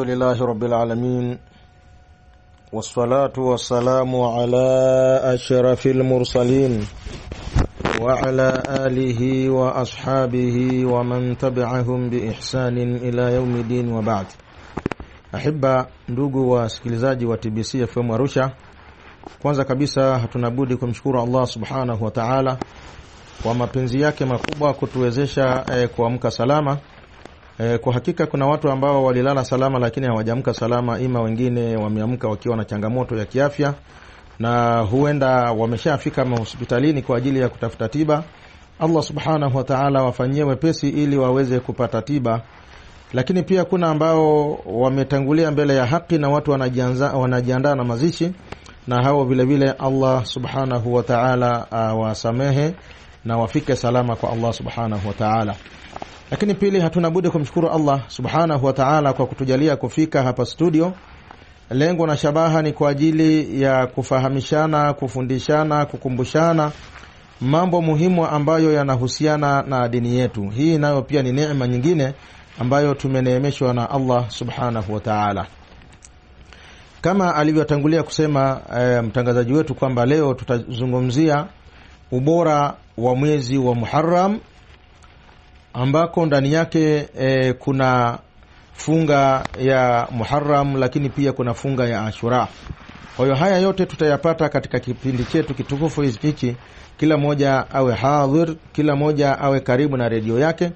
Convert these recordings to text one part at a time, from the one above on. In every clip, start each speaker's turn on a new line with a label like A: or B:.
A: Alhamdulillahi rabbil alamin wassalatu wassalamu ala ashrafil mursalin wa ala alihi wa ashabihi wa man tabi'ahum bi ihsanin ila yaumiddin wa ba'd. Ahibba, ndugu wasikilizaji wa TBC FM Arusha, kwanza kabisa hatunabudi kumshukuru Allah subhanahu wa ta'ala kwa mapenzi yake makubwa kutuwezesha eh, kuamka salama E, kwa hakika kuna watu ambao walilala salama lakini hawajamka salama, ima wengine wameamka wakiwa na changamoto ya kiafya na huenda wameshafika mahospitalini kwa ajili ya kutafuta tiba. Allah subhanahu wa ta'ala wafanyie wepesi ili waweze kupata tiba, lakini pia kuna ambao wametangulia mbele ya haki na watu wanajiandaa na mazishi, na hao vile vile Allah subhanahu wa ta'ala awasamehe ah, na wafike salama kwa Allah subhanahu wa ta'ala. Lakini pili, hatuna budi kumshukuru Allah subhanahu wataala kwa kutujalia kufika hapa studio. Lengo na shabaha ni kwa ajili ya kufahamishana, kufundishana, kukumbushana mambo muhimu ambayo yanahusiana na dini yetu. Hii nayo pia ni nema nyingine ambayo tumeneemeshwa na Allah subhanahu wataala Kama alivyotangulia kusema e, mtangazaji wetu kwamba leo tutazungumzia ubora wa mwezi wa muharam ambako ndani yake e, kuna funga ya muharam lakini pia kuna funga ya Ashura. Kwa hiyo haya yote tutayapata katika kipindi chetu kitukufu hiki Kila moja awe hadhir, kila moja awe karibu na redio yake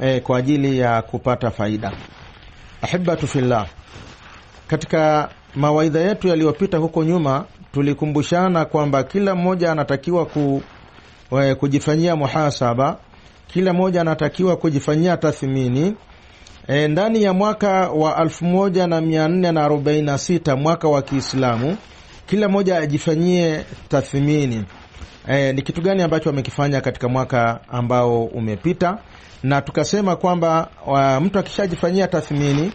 A: e, kwa ajili ya kupata faida. Ahibatu fillah, katika mawaidha yetu yaliyopita huko nyuma tulikumbushana kwamba kila mmoja anatakiwa ku, e, kujifanyia muhasaba kila mmoja anatakiwa kujifanyia tathmini e, ndani ya mwaka wa 1446 mwaka wa Kiislamu, kila mmoja ajifanyie tathmini e, ni kitu gani ambacho amekifanya katika mwaka ambao umepita, na tukasema kwamba mtu akishajifanyia tathmini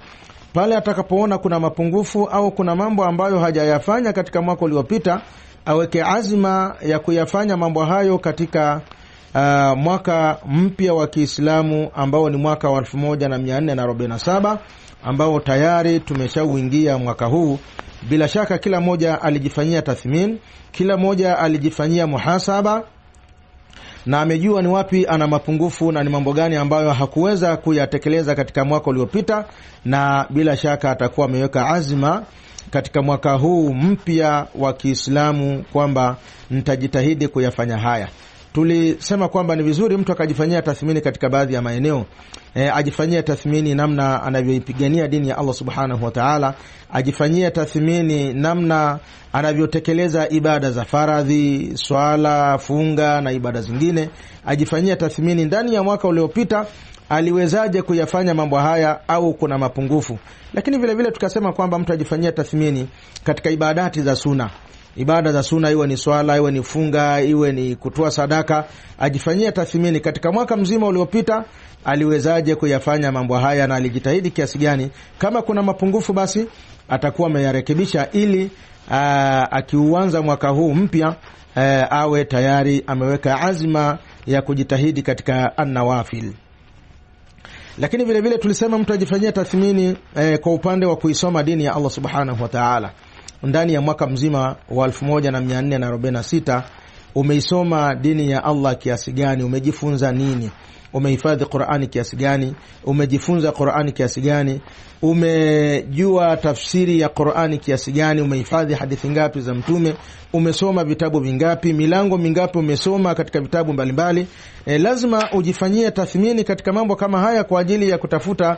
A: pale atakapoona kuna mapungufu au kuna mambo ambayo hajayafanya katika mwaka uliopita, aweke azma ya kuyafanya mambo hayo katika uh, mwaka mpya wa Kiislamu ambao ni mwaka wa 1447 ambao tayari tumeshauingia mwaka huu. Bila shaka kila mmoja alijifanyia tathmin, kila mmoja alijifanyia muhasaba na amejua ni wapi ana mapungufu na ni mambo gani ambayo hakuweza kuyatekeleza katika mwaka uliopita, na bila shaka atakuwa ameweka azma katika mwaka huu mpya wa Kiislamu kwamba nitajitahidi kuyafanya haya tulisema kwamba ni vizuri mtu akajifanyia tathmini katika baadhi ya maeneo e, ajifanyia tathmini namna anavyoipigania dini ya Allah subhanahu wa taala, tathmini namna anavyotekeleza ibada za faradhi, swala, funga na ibada zingine, ajifanyia tathmini ndani ya mwaka uliopita aliwezaje kuyafanya mambo haya au kuna mapungufu. Lakini vilevile vile tukasema kwamba mtu ajifanyia tathmini katika ibadati za suna ibada za suna, iwe ni swala, iwe ni funga, iwe ni kutoa sadaka, ajifanyie tathmini katika mwaka mzima uliopita aliwezaje kuyafanya mambo haya na alijitahidi kiasi gani. Kama kuna mapungufu, basi atakuwa ameyarekebisha ili akiuanza mwaka huu mpya awe tayari ameweka azma ya kujitahidi katika annawafil. Lakini vilevile tulisema mtu ajifanyie tathmini e, kwa upande wa kuisoma dini ya Allah subhanahu wa ta'ala ndani ya mwaka mzima wa 1446 umeisoma dini ya Allah kiasi gani? Umejifunza nini? Umehifadhi Qurani kiasi gani? Umejifunza Qurani kiasi gani? Umejua tafsiri ya Qurani kiasi gani? Umehifadhi hadithi ngapi za Mtume? Umesoma vitabu vingapi? Milango mingapi umesoma katika vitabu mbalimbali? E, lazima ujifanyie tathmini katika mambo kama haya kwa ajili ya kutafuta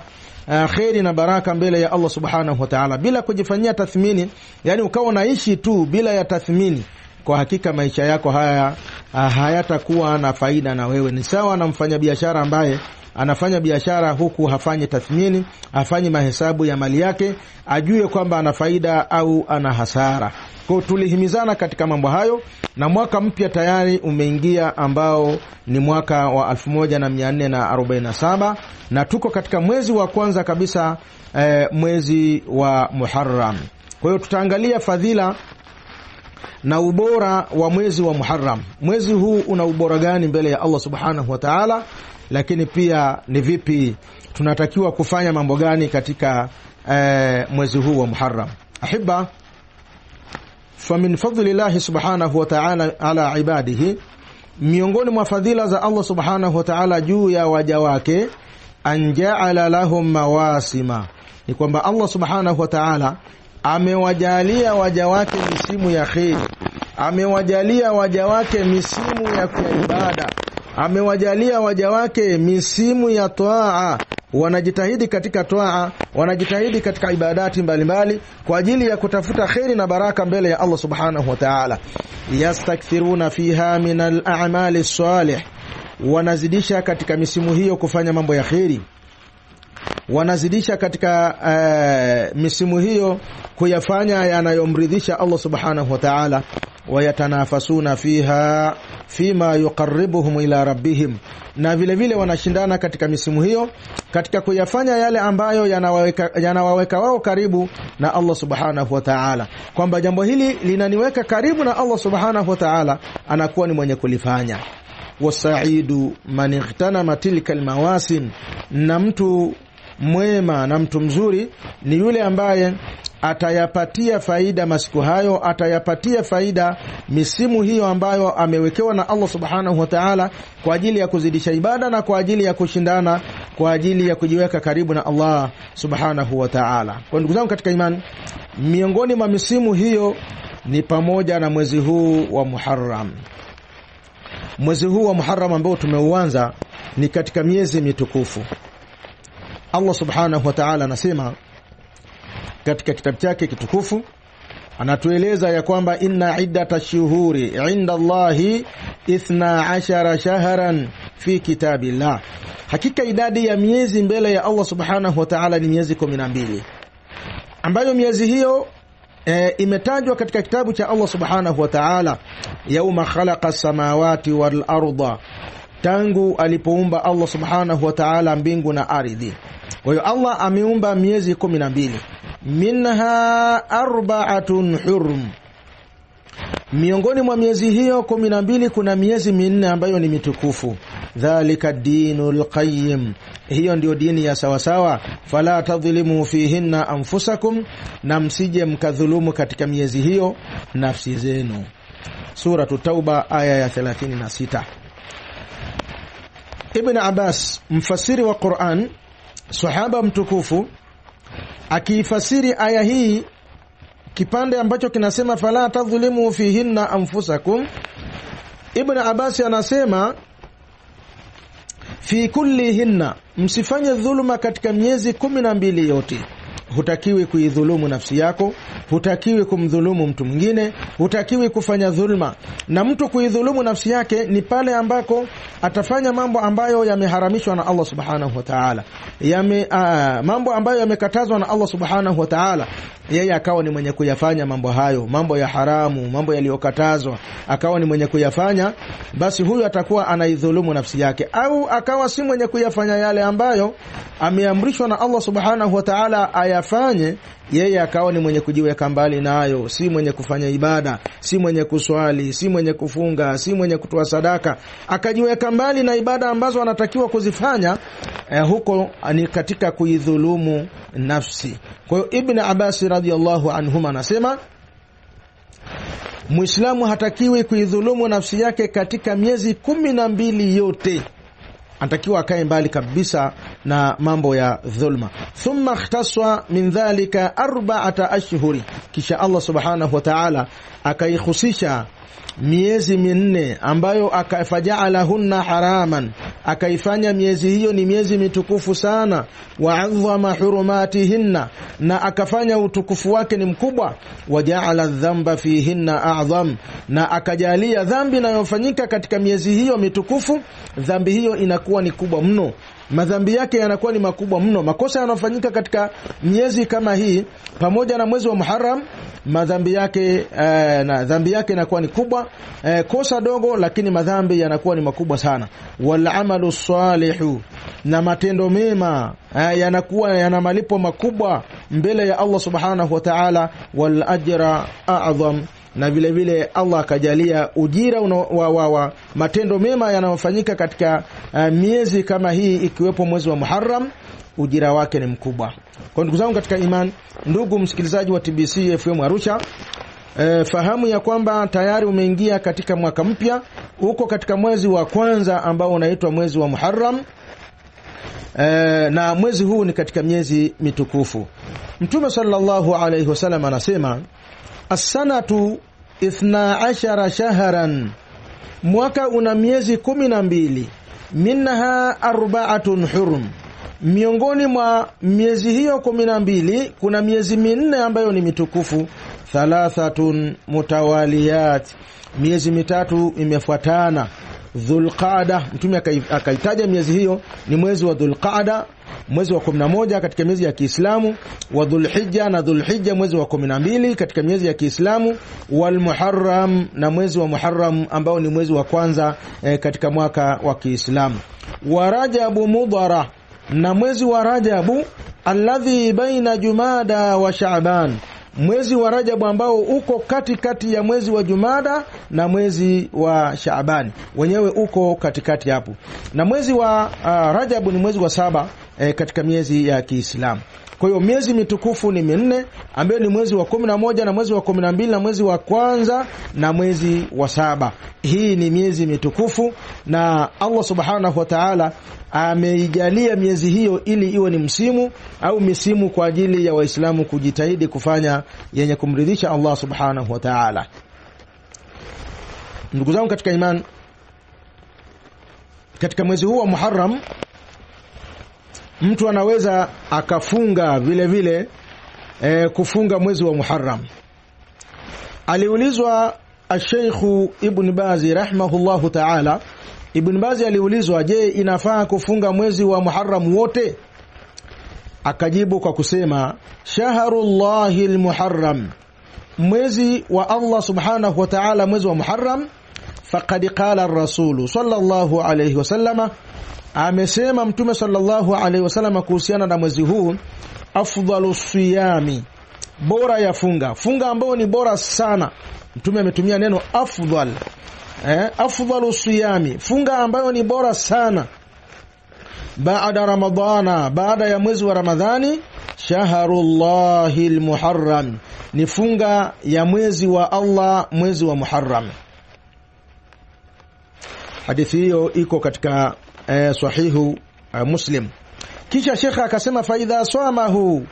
A: Eh, kheri na baraka mbele ya Allah subhanahu wa ta'ala, bila kujifanyia tathmini, yani ukawa unaishi tu bila ya tathmini kwa hakika maisha yako haya ah, hayatakuwa na faida na wewe. Ni sawa na mfanyabiashara ambaye anafanya biashara huku hafanyi tathmini, hafanyi mahesabu ya mali yake, ajue kwamba ana faida au ana hasara. Kwao tulihimizana katika mambo hayo, na mwaka mpya tayari umeingia ambao ni mwaka wa 1447 na tuko katika mwezi wa kwanza kabisa e, mwezi wa Muharram. Kwa hiyo tutaangalia fadhila na ubora wa mwezi wa Muharram. Mwezi huu una ubora gani mbele ya Allah Subhanahu wa Ta'ala, lakini pia ni vipi tunatakiwa kufanya mambo gani katika e, mwezi huu wa Muharram. Ahiba famin fadli llahi subhanahu wa ta'ala ala ibadihi, miongoni mwa fadhila za Allah subhanahu wa ta'ala juu ya waja wake, anjaala lahum mawasima, ni kwamba Allah subhanahu wa ta'ala amewajalia waja wake misimu ya kheri, amewajalia waja wake misimu ya ibada, amewajalia waja wake misimu ya toaa wanajitahidi katika toa, wanajitahidi katika ibadati mbalimbali mbali, kwa ajili ya kutafuta kheri na baraka mbele ya Allah subhanahu wa ta'ala. Yastakthiruna fiha min al-a'mali salih, wanazidisha katika misimu hiyo kufanya mambo ya kheri, wanazidisha katika uh, misimu hiyo kuyafanya yanayomridhisha Allah subhanahu wa ta'ala wayatanafasuna fiha fima yuqaribuhum ila rabbihim, na vilevile vile wanashindana katika misimu hiyo katika kuyafanya yale ambayo yanawaweka, yana wao karibu na Allah subhanahu wa ta'ala, kwamba jambo hili linaniweka karibu na Allah subhanahu wa ta'ala, anakuwa ni mwenye kulifanya. Wasaidu man ightanama tilka almawasim, na mtu mwema na mtu mzuri ni yule ambaye atayapatia faida masiku hayo, atayapatia faida misimu hiyo ambayo amewekewa na Allah subhanahu wa ta'ala, kwa ajili ya kuzidisha ibada na kwa ajili ya kushindana, kwa ajili ya kujiweka karibu na Allah subhanahu wa ta'ala. Kwa ndugu zangu katika imani, miongoni mwa misimu hiyo ni pamoja na mwezi huu wa Muharram. Mwezi huu wa Muharram ambao tumeuanza ni katika miezi mitukufu. Allah subhanahu wa ta'ala anasema katika kitabu chake kitukufu anatueleza ya kwamba inna iddata shuhuri inda Allahi ithna ashara shahran fi kitabillah, hakika idadi ya miezi mbele ya Allah subhanahu wa ta'ala ni miezi 12 ambayo miezi hiyo e, imetajwa katika kitabu cha Allah subhanahu wa ta'ala, yauma khalaqa samawati wal arda, tangu alipoumba Allah subhanahu wa ta'ala mbingu na ardhi. Kwa hiyo Allah ameumba miezi 12 minha arbaatun hurum, miongoni mwa miezi hiyo kumi na mbili kuna miezi minne ambayo ni mitukufu. Dhalika dinu lqayim, hiyo ndiyo dini ya sawasawa. Fala tadhlimu fihinna anfusakum, na msije mkadhulumu katika miezi hiyo nafsi zenu. Suratu Tauba aya ya 36. Ibn Abbas mfasiri wa Quran, sahaba mtukufu akiifasiri aya hii kipande ambacho kinasema fala tadhlimu fihinna anfusakum, Ibn Abbas anasema fi kulli hinna, msifanye dhuluma katika miezi kumi na mbili yote hutakiwi kuidhulumu nafsi yako, hutakiwi kumdhulumu mtu mwingine, hutakiwi kufanya dhulma. Na mtu kuidhulumu nafsi yake ni pale ambako atafanya mambo ambayo yameharamishwa na Allah subhanahu wa ta'ala, yame ah, mambo ambayo yamekatazwa na Allah subhanahu wa ta'ala, yeye akawa ni mwenye kuyafanya mambo hayo, mambo ya haramu, mambo yaliyokatazwa, akawa ni mwenye kuyafanya, basi huyu atakuwa anaidhulumu nafsi yake, au akawa si mwenye kuyafanya yale ambayo ameamrishwa na Allah subhanahu wa ta'ala aya ayafanye, yeye akawa ni mwenye kujiweka mbali nayo, na si mwenye kufanya ibada, si mwenye kuswali, si mwenye kufunga, si mwenye kutoa sadaka, akajiweka mbali na ibada ambazo anatakiwa kuzifanya eh, huko ah, ni katika kuidhulumu nafsi. Kwa hiyo Ibn Abbas radhiallahu anhuma anasema Muislamu hatakiwi kuidhulumu nafsi yake katika miezi kumi na mbili yote anatakiwa akae mbali kabisa na mambo ya dhulma. Thumma ikhtaswa min dhalika arba'ata ashhuri, kisha Allah subhanahu wa ta'ala akaihusisha miezi minne ambayo fajaalahunna haraman, akaifanya miezi hiyo ni miezi mitukufu sana. Waadhama hurumatihinna, na akafanya utukufu wake ni mkubwa. Wajaala dhamba fihinna adham, na akajalia dhambi inayofanyika katika miezi hiyo mitukufu, dhambi hiyo inakuwa ni kubwa mno madhambi yake yanakuwa ni makubwa mno. Makosa yanayofanyika katika miezi kama hii pamoja na mwezi wa Muharram, madhambi yake eh, na dhambi yake inakuwa ni kubwa eh, kosa dogo, lakini madhambi yanakuwa ni makubwa sana. Wal amalu salihu, na matendo mema eh, yanakuwa yana malipo makubwa mbele ya Allah subhanahu wa ta'ala, wal ajra a'zam na vile vile Allah akajalia ujira wa, wa, wa matendo mema yanayofanyika katika uh, miezi kama hii ikiwepo mwezi wa Muharram ujira wake ni mkubwa. Kwa ndugu zangu katika iman, ndugu msikilizaji wa TBC FM Arusha, e, fahamu ya kwamba tayari umeingia katika mwaka mpya, uko katika mwezi wa kwanza ambao unaitwa mwezi wa Muharram. E, na mwezi huu ni katika miezi mitukufu. Mtume sallallahu alaihi wasallam anasema, as-sanatu ithna ashara shaharan, mwaka una miezi kumi na mbili. Minha arbaatun hurum, miongoni mwa miezi hiyo kumi na mbili kuna miezi minne ambayo ni mitukufu. Thalathatun mutawaliyat, miezi mitatu imefuatana. Dhulqada, Mtume akaitaja miezi hiyo ni mwezi wa Dhulqada, mwezi wa 11 katika miezi ya Kiislamu, wa Dhulhijja na Dhulhijja mwezi wa 12 katika miezi ya Kiislamu, wal Muharram na mwezi wa Muharram ambao ni mwezi wa kwanza e, katika mwaka wa Kiislamu, wa Rajabu Mudhara na mwezi wa Rajabu alladhi baina Jumada wa Shaaban mwezi wa Rajabu ambao uko katikati kati ya mwezi wa Jumada na mwezi wa Shaabani, wenyewe uko katikati hapo, na mwezi wa uh, Rajabu ni mwezi wa saba eh, katika miezi ya Kiislamu. Kwa hiyo miezi mitukufu ni minne ambayo ni mwezi wa kumi na moja na mwezi wa kumi na mbili na mwezi wa kwanza na mwezi wa saba. Hii ni miezi mitukufu, na Allah subhanahu wa taala ameijalia miezi hiyo ili iwe ni msimu au misimu kwa ajili ya Waislamu kujitahidi kufanya yenye kumridhisha Allah subhanahu wa taala. Ndugu zangu katika imani, katika mwezi huu wa Muharram Mtu anaweza akafunga vile vile e, kufunga mwezi wa Muharram. Aliulizwa Asheikhu Ibn Bazi rahimahullahu taala. Ibn Bazi aliulizwa, je, inafaa kufunga mwezi wa Muharram wote? Akajibu kwa kusema shahrullahi lmuharram, mwezi wa Allah subhanahu wa taala, mwezi wa Muharram. Faqad qala rasulu sallallahu alayhi wasallama amesema Mtume sallallahu alaihi wasallam kuhusiana na mwezi huu, afdalu siyami, bora ya funga, funga ambayo ni bora sana. Mtume ametumia neno afdal eh, afdalu siyami, funga ambayo ni bora sana baada Ramadhana, baada ya mwezi wa Ramadhani, shahrullahi lmuharam ni funga ya mwezi wa Allah, mwezi wa Muharram. Hadithi hiyo iko katika eh, sahihu eh, Muslim. Kisha shekha akasema faidha swamahu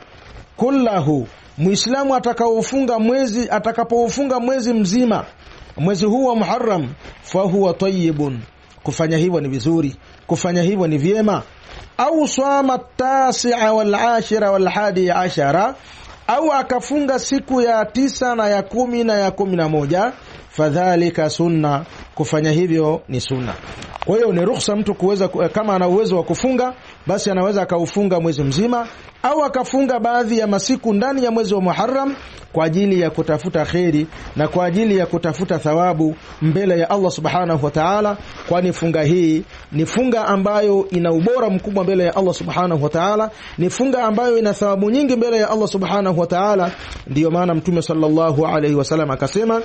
A: kullahu, muislamu atakaofunga mwezi atakapoufunga mwezi mzima mwezi huu wa Muharram, fahuwa tayyibun, kufanya hivyo ni vizuri, kufanya hivyo ni vyema. Au swama tasia wal ashira wal hadi ashara, au akafunga siku ya tisa na ya kumi na ya kumi na moja fadhalika sunna, kufanya hivyo ni sunna. Kwa hiyo ni ruhusa mtu kuweza, eh, kama ana uwezo wa kufunga basi anaweza akaufunga mwezi mzima au akafunga baadhi ya masiku ndani ya mwezi wa Muharram kwa ajili ya kutafuta kheri na kwa ajili ya kutafuta thawabu mbele ya Allah subhanahu wa taala, kwani funga hii ni funga ambayo ina ubora mkubwa mbele ya Allah subhanahu wa taala, ni funga ambayo ina thawabu nyingi mbele ya Allah subhanahu wa taala. Ndiyo maana Mtume sallallahu alaihi wasallam akasema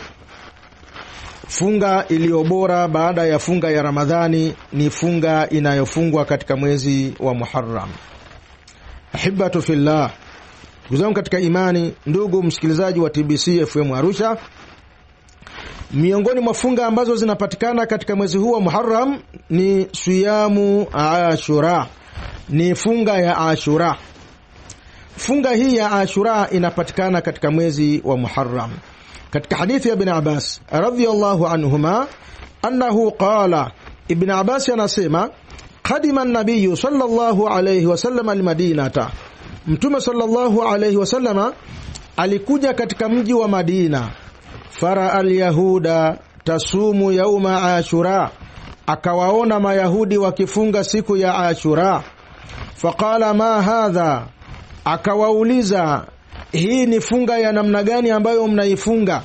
A: Funga iliyo bora baada ya funga ya Ramadhani ni funga inayofungwa katika mwezi wa Muharram. Ahibatu fillah, ndugu zangu katika imani, ndugu msikilizaji wa TBC FM Arusha, miongoni mwa funga ambazo zinapatikana katika mwezi huu wa Muharram ni siyamu Ashura, ni funga ya Ashura. Funga hii ya Ashura inapatikana katika mwezi wa Muharram katika hadithi ya Ibn Abbas radhiyallahu anhuma annahu qala, Ibn Abbas anasema kadima nabiyu sallallahu alayhi wasallam almadinata, Mtume sallallahu alayhi wasallam alikuja katika mji wa Madina. Faraa alyahuda tasumu yauma ashura, akawaona mayahudi wakifunga siku ya Ashura. Faqala ma hadha, akawauliza hii ni funga ya namna gani ambayo mnaifunga?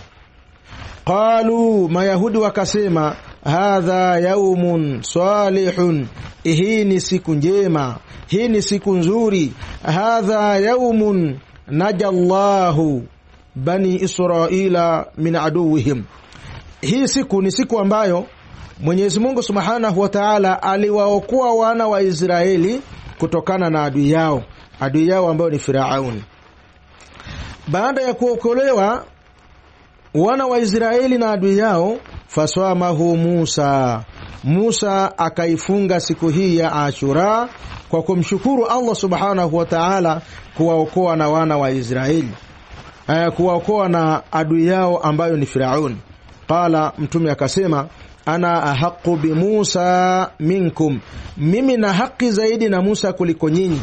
A: Qalu, Mayahudi wakasema hadha yaumun salihun, hii ni siku njema, hii ni siku nzuri. Hadha yaumun naja llahu bani israila min aduwihim, hii siku ni siku ambayo Mwenyezi Mungu subhanahu wa taala aliwaokoa wana wa Israeli kutokana na adui yao, adui yao ambayo ni Firauni. Baada ya kuokolewa wana wa Israeli na adui yao, faswamahu Musa, Musa akaifunga siku hii ya Ashura kwa kumshukuru Allah subhanahu wa ta'ala kuwaokoa na wana wa Israeli, eh, kuwaokoa na adui yao ambayo ni Firauni. Qala, mtume akasema ana ahaqu bi Musa minkum, mimi na haki zaidi na Musa kuliko nyinyi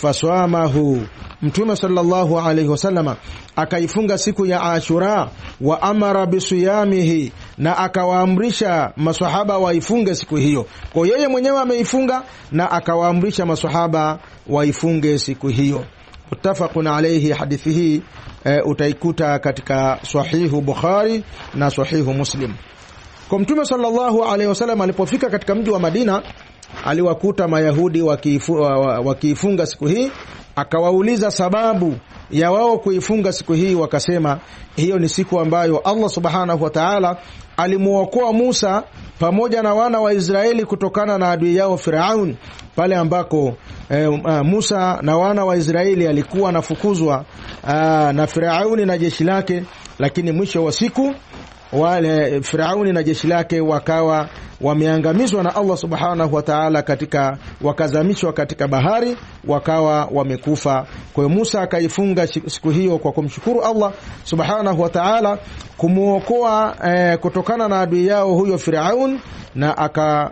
A: faswamahu, Mtume sallallahu alayhi wasallama akaifunga siku ya Ashura, wa amara bisiyamihi, na akawaamrisha maswahaba waifunge siku hiyo. Kwa yeye mwenyewe ameifunga na akawaamrisha maswahaba waifunge siku hiyo. Muttafaqun alayhi. Hadithi hii e, utaikuta katika Sahihu Bukhari na Sahihu Muslim. Kwa Mtume sallallahu alayhi wasallam alipofika katika mji wa Madina aliwakuta Mayahudi wakiifunga siku hii, akawauliza sababu ya wao kuifunga siku hii, wakasema hiyo ni siku ambayo Allah subhanahu wa ta'ala alimuokoa Musa pamoja na wana wa Israeli kutokana na adui yao Firaun, pale ambako e, Musa na wana wa Israeli alikuwa anafukuzwa uh, na Firauni na jeshi lake, lakini mwisho wa siku wale Firauni na jeshi lake wakawa wameangamizwa na Allah subhanahu wa ta'ala, katika wakazamishwa katika bahari wakawa wamekufa. Kwa hiyo Musa akaifunga siku hiyo kwa kumshukuru Allah subhanahu wa ta'ala kumwokoa eh, kutokana na adui yao huyo Firaun, na aka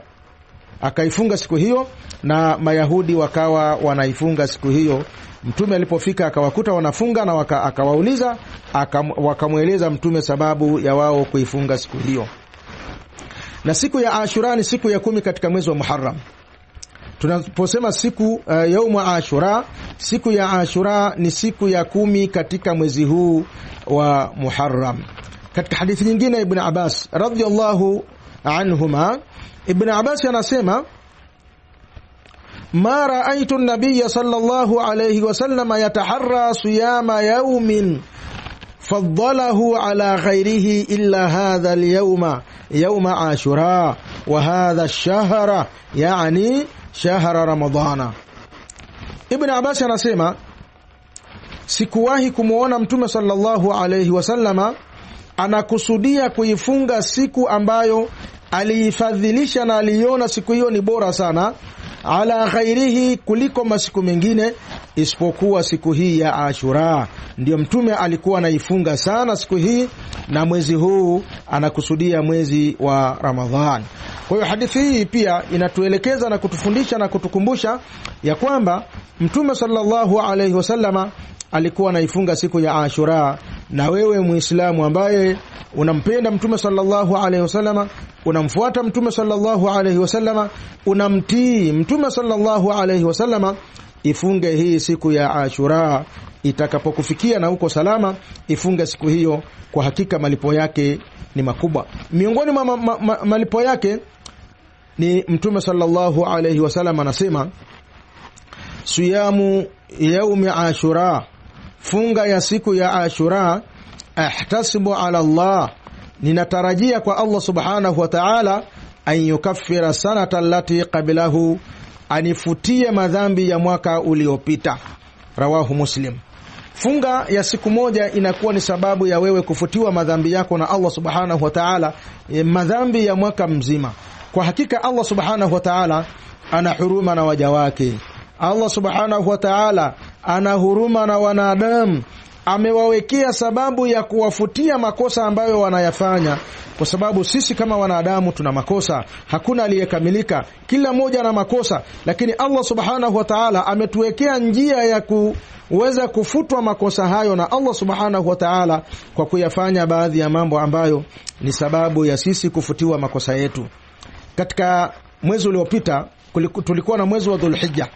A: akaifunga siku hiyo, na Mayahudi wakawa wanaifunga siku hiyo Mtume alipofika akawakuta wanafunga na waka, akawauliza wakamweleza Mtume sababu ya wao kuifunga siku hiyo. Na siku ya Ashura ni siku ya kumi katika mwezi wa muharam Tunaposema siku uh, eh, yaumu Ashura, siku ya Ashura ni siku ya kumi katika mwezi huu wa muharam Katika hadithi nyingine Ibn Abbas radiallahu anhuma, Ibn Abbas anasema ma raaitu nabiyya sallallahu alayhi wasallam yataharra siyama yaumin faddalahu ala ghairihi illa hadha alyawma yawma ashura wa hadha ash yani shahra ramadhana Ibn Abbas anasema sikuwahi kumwona mtume sallallahu alayhi wasallama anakusudia kuifunga siku ambayo aliifadhilisha na aliiona siku hiyo ni bora sana ala ghairihi, kuliko masiku mengine isipokuwa siku hii ya Ashura. ndio Mtume alikuwa anaifunga sana siku hii, na mwezi huu anakusudia mwezi wa Ramadhan. Kwa hiyo hadithi hii pia inatuelekeza na kutufundisha na kutukumbusha ya kwamba Mtume sallallahu alaihi wasallama alikuwa anaifunga siku ya Ashura. Na wewe Muislamu ambaye unampenda Mtume sallallahu alaihi wasallama, unamfuata Mtume sallallahu alaihi wasallama, unamtii Mtume sallallahu alaihi wasallama, ifunge hii siku ya Ashura itakapokufikia na uko salama, ifunge siku hiyo. Kwa hakika malipo yake ni makubwa. Miongoni mwa ma, ma, ma, malipo yake ni Mtume sallallahu alaihi wasallam anasema, siyamu yaumi ashura funga ya siku ya Ashura, ahtasibu ala Allah, ninatarajia kwa Allah subhanahu wa ta'ala, an yukaffira sanata allati qablahu, anifutie madhambi ya mwaka uliopita. Rawahu Muslim. Funga ya siku moja inakuwa ni sababu ya wewe kufutiwa madhambi yako na Allah subhanahu wa ta'ala, eh, madhambi ya mwaka mzima. Kwa hakika Allah subhanahu wa ta'ala ana huruma na waja wake. Allah subhanahu wa ta'ala ana huruma na wanadamu, amewawekea sababu ya kuwafutia makosa ambayo wanayafanya, kwa sababu sisi kama wanadamu tuna makosa, hakuna aliyekamilika, kila mmoja ana makosa. Lakini Allah subhanahu wa taala ametuwekea njia ya kuweza kufutwa makosa hayo na Allah subhanahu wa taala kwa kuyafanya baadhi ya mambo ambayo ni sababu ya sisi kufutiwa makosa yetu. Katika mwezi uliopita tulikuwa na mwezi wa Dhulhijja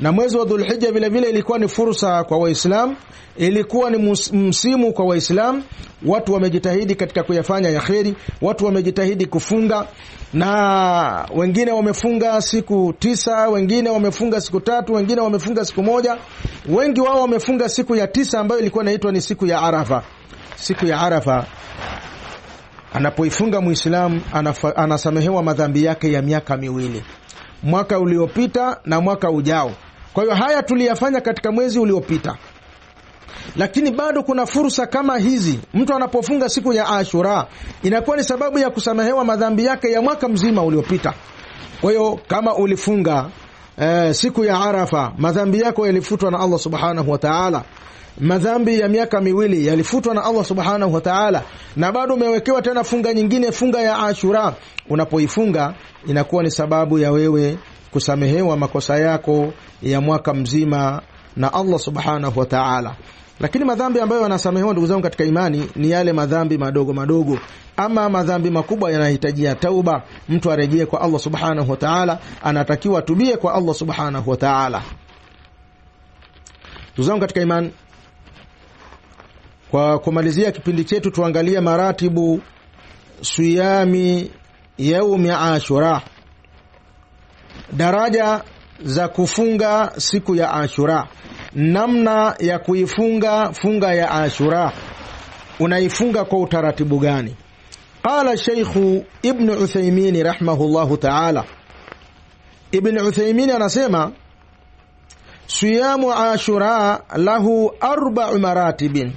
A: na mwezi wa dhulhija vile vile ilikuwa ni fursa kwa waislam ilikuwa ni msimu kwa waislam Watu wamejitahidi katika kuyafanya ya kheri, watu wamejitahidi kufunga, na wengine wamefunga siku tisa, wengine wamefunga siku tatu, wengine wamefunga siku moja. Wengi wao wamefunga siku ya tisa ambayo ilikuwa inaitwa ni siku ya Arafa. Siku ya Arafa anapoifunga Muislamu anasamehewa madhambi yake ya miaka miwili, mwaka uliopita na mwaka ujao. Kwa hiyo haya tuliyafanya katika mwezi uliopita, lakini bado kuna fursa kama hizi. Mtu anapofunga siku ya Ashura inakuwa ni sababu ya kusamehewa madhambi yake ya mwaka mzima uliopita. Kwa hiyo kama ulifunga eh, siku ya Arafa, madhambi yako yalifutwa na Allah subhanahu wa taala madhambi ya miaka miwili yalifutwa na Allah subhanahu wa taala, na bado umewekewa tena funga nyingine, funga ya Ashura. Unapoifunga inakuwa ni sababu ya wewe kusamehewa makosa yako ya mwaka mzima na Allah subhanahu wa ta'ala. Lakini madhambi ambayo yanasamehewa ndugu zangu katika imani ni yale madhambi madogo madogo. Ama madhambi makubwa yanahitajia tauba, mtu arejee kwa Allah subhanahu wa ta'ala, anatakiwa atubie kwa Allah subhanahu wa ta'ala. Ndugu zangu katika imani, kwa kumalizia kipindi chetu, tuangalie maratibu suyami yaumi Ashura. Daraja za kufunga siku ya Ashura, namna ya kuifunga funga ya Ashura, unaifunga kwa utaratibu gani? Qala Sheikhu Ibnu Uthaimini rahimahullahu taala. Ibnu Uthaimini anasema siyamu Ashura lahu arbau maratibin,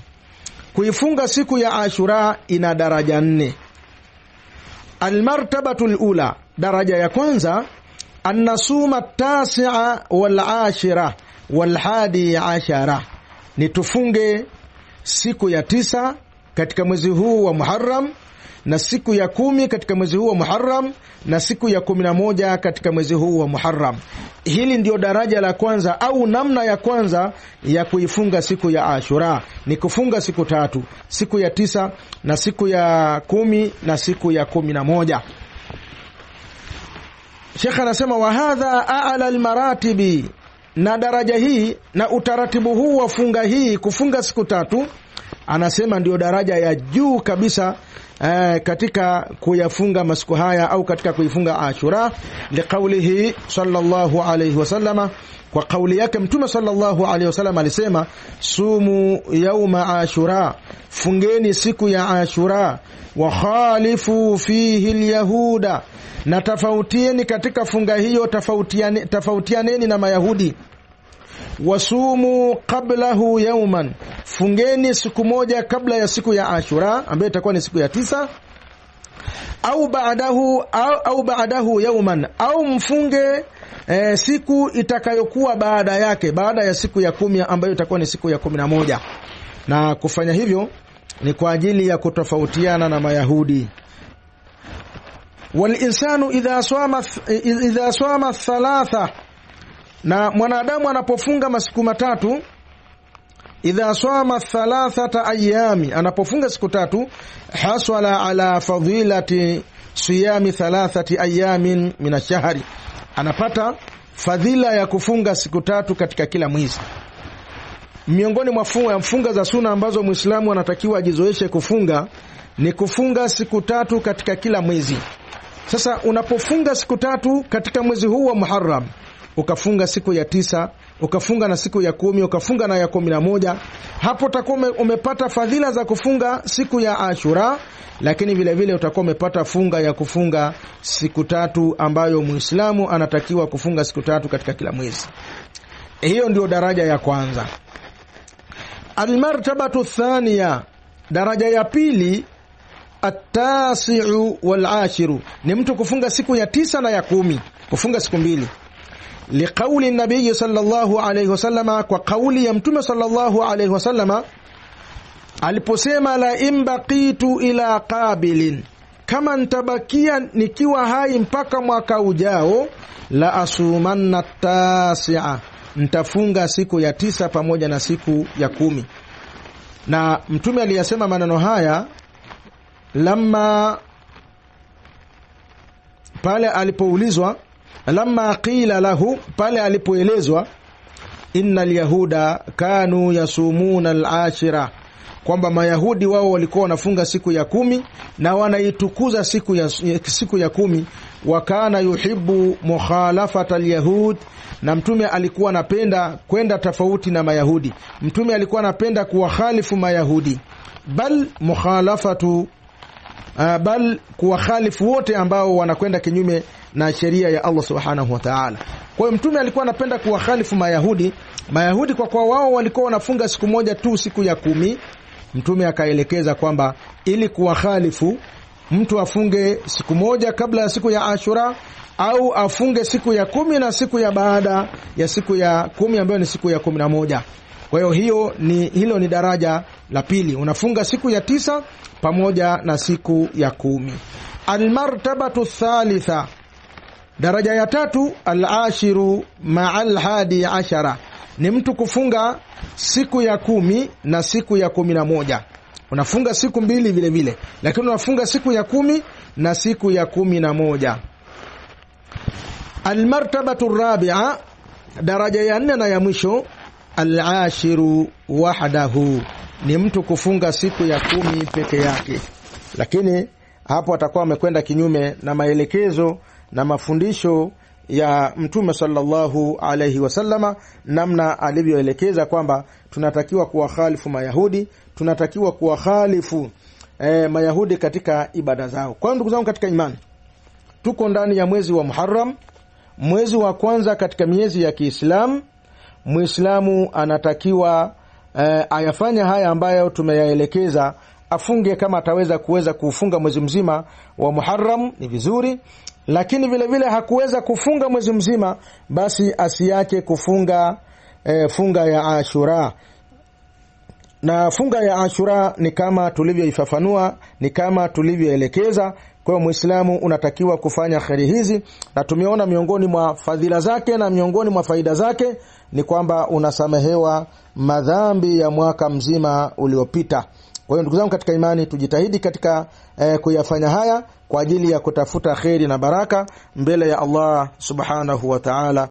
A: kuifunga siku ya Ashura ina daraja nne. Almartabatu lula, daraja ya kwanza annasuma tasia wal ashira wal hadi ashara, ni tufunge siku ya tisa katika mwezi huu wa Muharram na siku ya kumi katika mwezi huu wa Muharram na siku ya kumi na moja katika mwezi huu wa Muharram. Hili ndio daraja la kwanza au namna ya kwanza ya kuifunga siku ya Ashura ni kufunga siku tatu, siku ya tisa na siku ya kumi na siku ya kumi na moja. Shekhe anasema wa hadha a'la almaratibi, na daraja hii na utaratibu huu wa funga hii, kufunga siku tatu, anasema ndio daraja ya juu kabisa eh, katika kuyafunga masiku haya au katika kuifunga Ashura, liqaulihi sallallahu alayhi wasallama, kwa kauli yake Mtume sallallahu alayhi wasallam alisema, sumu yauma ashura, fungeni siku ya Ashura, wa khalifu fihi alyahuda, na tofautieni katika funga hiyo, tofautianeni na Mayahudi wasumu qablahu yauman, fungeni siku moja kabla ya siku ya Ashura ambayo itakuwa ni siku ya tisa au baadahu au, au baadahu yauman au mfunge e, siku itakayokuwa baada yake, baada ya siku ya kumi ambayo itakuwa ni siku ya kumi na moja. Na kufanya hivyo ni kwa ajili ya kutofautiana na Mayahudi. Walinsanu idha swama idha swama thalatha na mwanadamu anapofunga masiku matatu, idha sama thalathata ayami, anapofunga siku tatu, hasala ala fadilati siyami thalathati ayamin min ashahri, anapata fadhila ya kufunga siku tatu katika kila mwezi. Miongoni mwa funga za suna ambazo Mwislamu anatakiwa ajizoeshe kufunga ni kufunga siku tatu katika kila mwezi. Sasa unapofunga siku tatu katika mwezi huu wa Muharram ukafunga siku ya tisa, ukafunga na siku ya kumi, ukafunga na ya kumi na moja, hapo utakuwa umepata fadhila za kufunga siku ya Ashura, lakini vile vile utakuwa umepata funga ya kufunga siku tatu, ambayo Muislamu anatakiwa kufunga siku tatu katika kila mwezi. Hiyo ndio daraja ya kwanza. Almartabatu thania, daraja ya pili atasiu walashiru ni mtu kufunga siku ya tisa na ya kumi, kufunga siku mbili liqauli nabii sallallahu alayhi wasallama, kwa kauli ya mtume sallallahu alayhi wasallama aliposema, la in ila qabilin, kama ntabakia nikiwa hai mpaka mwaka ujao, la asumanna tasia, ntafunga siku ya tisa pamoja na siku ya kumi. Na mtume aliyasema maneno haya lama pale alipoulizwa lama qila lahu, pale alipoelezwa inna lyahuda kanu yasumuna alashira, kwamba Mayahudi wao walikuwa wanafunga siku ya kumi na wanaitukuza siku ya, siku ya kumi. Wa kana yuhibu mukhalafata alyahud, na Mtume alikuwa anapenda kwenda tofauti na Mayahudi. Mtume alikuwa anapenda kuwakhalifu Mayahudi, bal mukhalafatu uh, bal kuwakhalifu wote ambao wanakwenda kinyume na sheria ya Allah subhanahu wa ta'ala. Kwa hiyo mtume alikuwa anapenda kuwakhalifu Mayahudi. Mayahudi kwa kuwa wao walikuwa wanafunga siku moja tu, siku ya kumi, mtume akaelekeza kwamba ili kuwakhalifu mtu afunge siku moja kabla ya siku ya Ashura au afunge siku ya kumi na siku ya baada ya siku ya kumi ambayo ni siku ya kumi na moja. Kwa hiyo hiyo ni hilo ni daraja la pili unafunga siku ya tisa pamoja na siku ya kumi. Almartabatu thalitha, daraja ya tatu. Alashiru maa lhadi ashara, ni mtu kufunga siku ya kumi na siku ya kumi na moja. Unafunga siku mbili vile vile, lakini unafunga siku ya kumi na siku ya kumi na moja. Almartabatu rabia, daraja ya nne na ya mwisho. Alashiru wahdahu ni mtu kufunga siku ya kumi peke yake, lakini hapo atakuwa amekwenda kinyume na maelekezo na mafundisho ya Mtume sallallahu alaihi wasallama, namna alivyoelekeza kwamba tunatakiwa kuwahalifu Mayahudi, tunatakiwa kuwahalifu e, eh, Mayahudi katika ibada zao. Kwa ndugu zangu katika imani, tuko ndani ya mwezi wa Muharram, mwezi wa kwanza katika miezi ya Kiislamu. Mwislamu anatakiwa eh, ayafanye haya ambayo tumeyaelekeza afunge kama ataweza kuweza kufunga mwezi mzima wa Muharram ni vizuri, lakini vile vile hakuweza kufunga mwezi mzima, basi asiache kufunga eh, funga ya Ashura. Na funga ya Ashura ni kama tulivyoifafanua, ni kama tulivyoelekeza. Kwa Muislamu unatakiwa kufanya kheri hizi, na tumeona miongoni mwa fadhila zake na miongoni mwa faida zake ni kwamba unasamehewa madhambi ya mwaka mzima uliopita. Kwa hiyo ndugu zangu katika imani, tujitahidi katika eh, kuyafanya haya kwa ajili ya kutafuta kheri na baraka mbele ya Allah subhanahu wa ta'ala.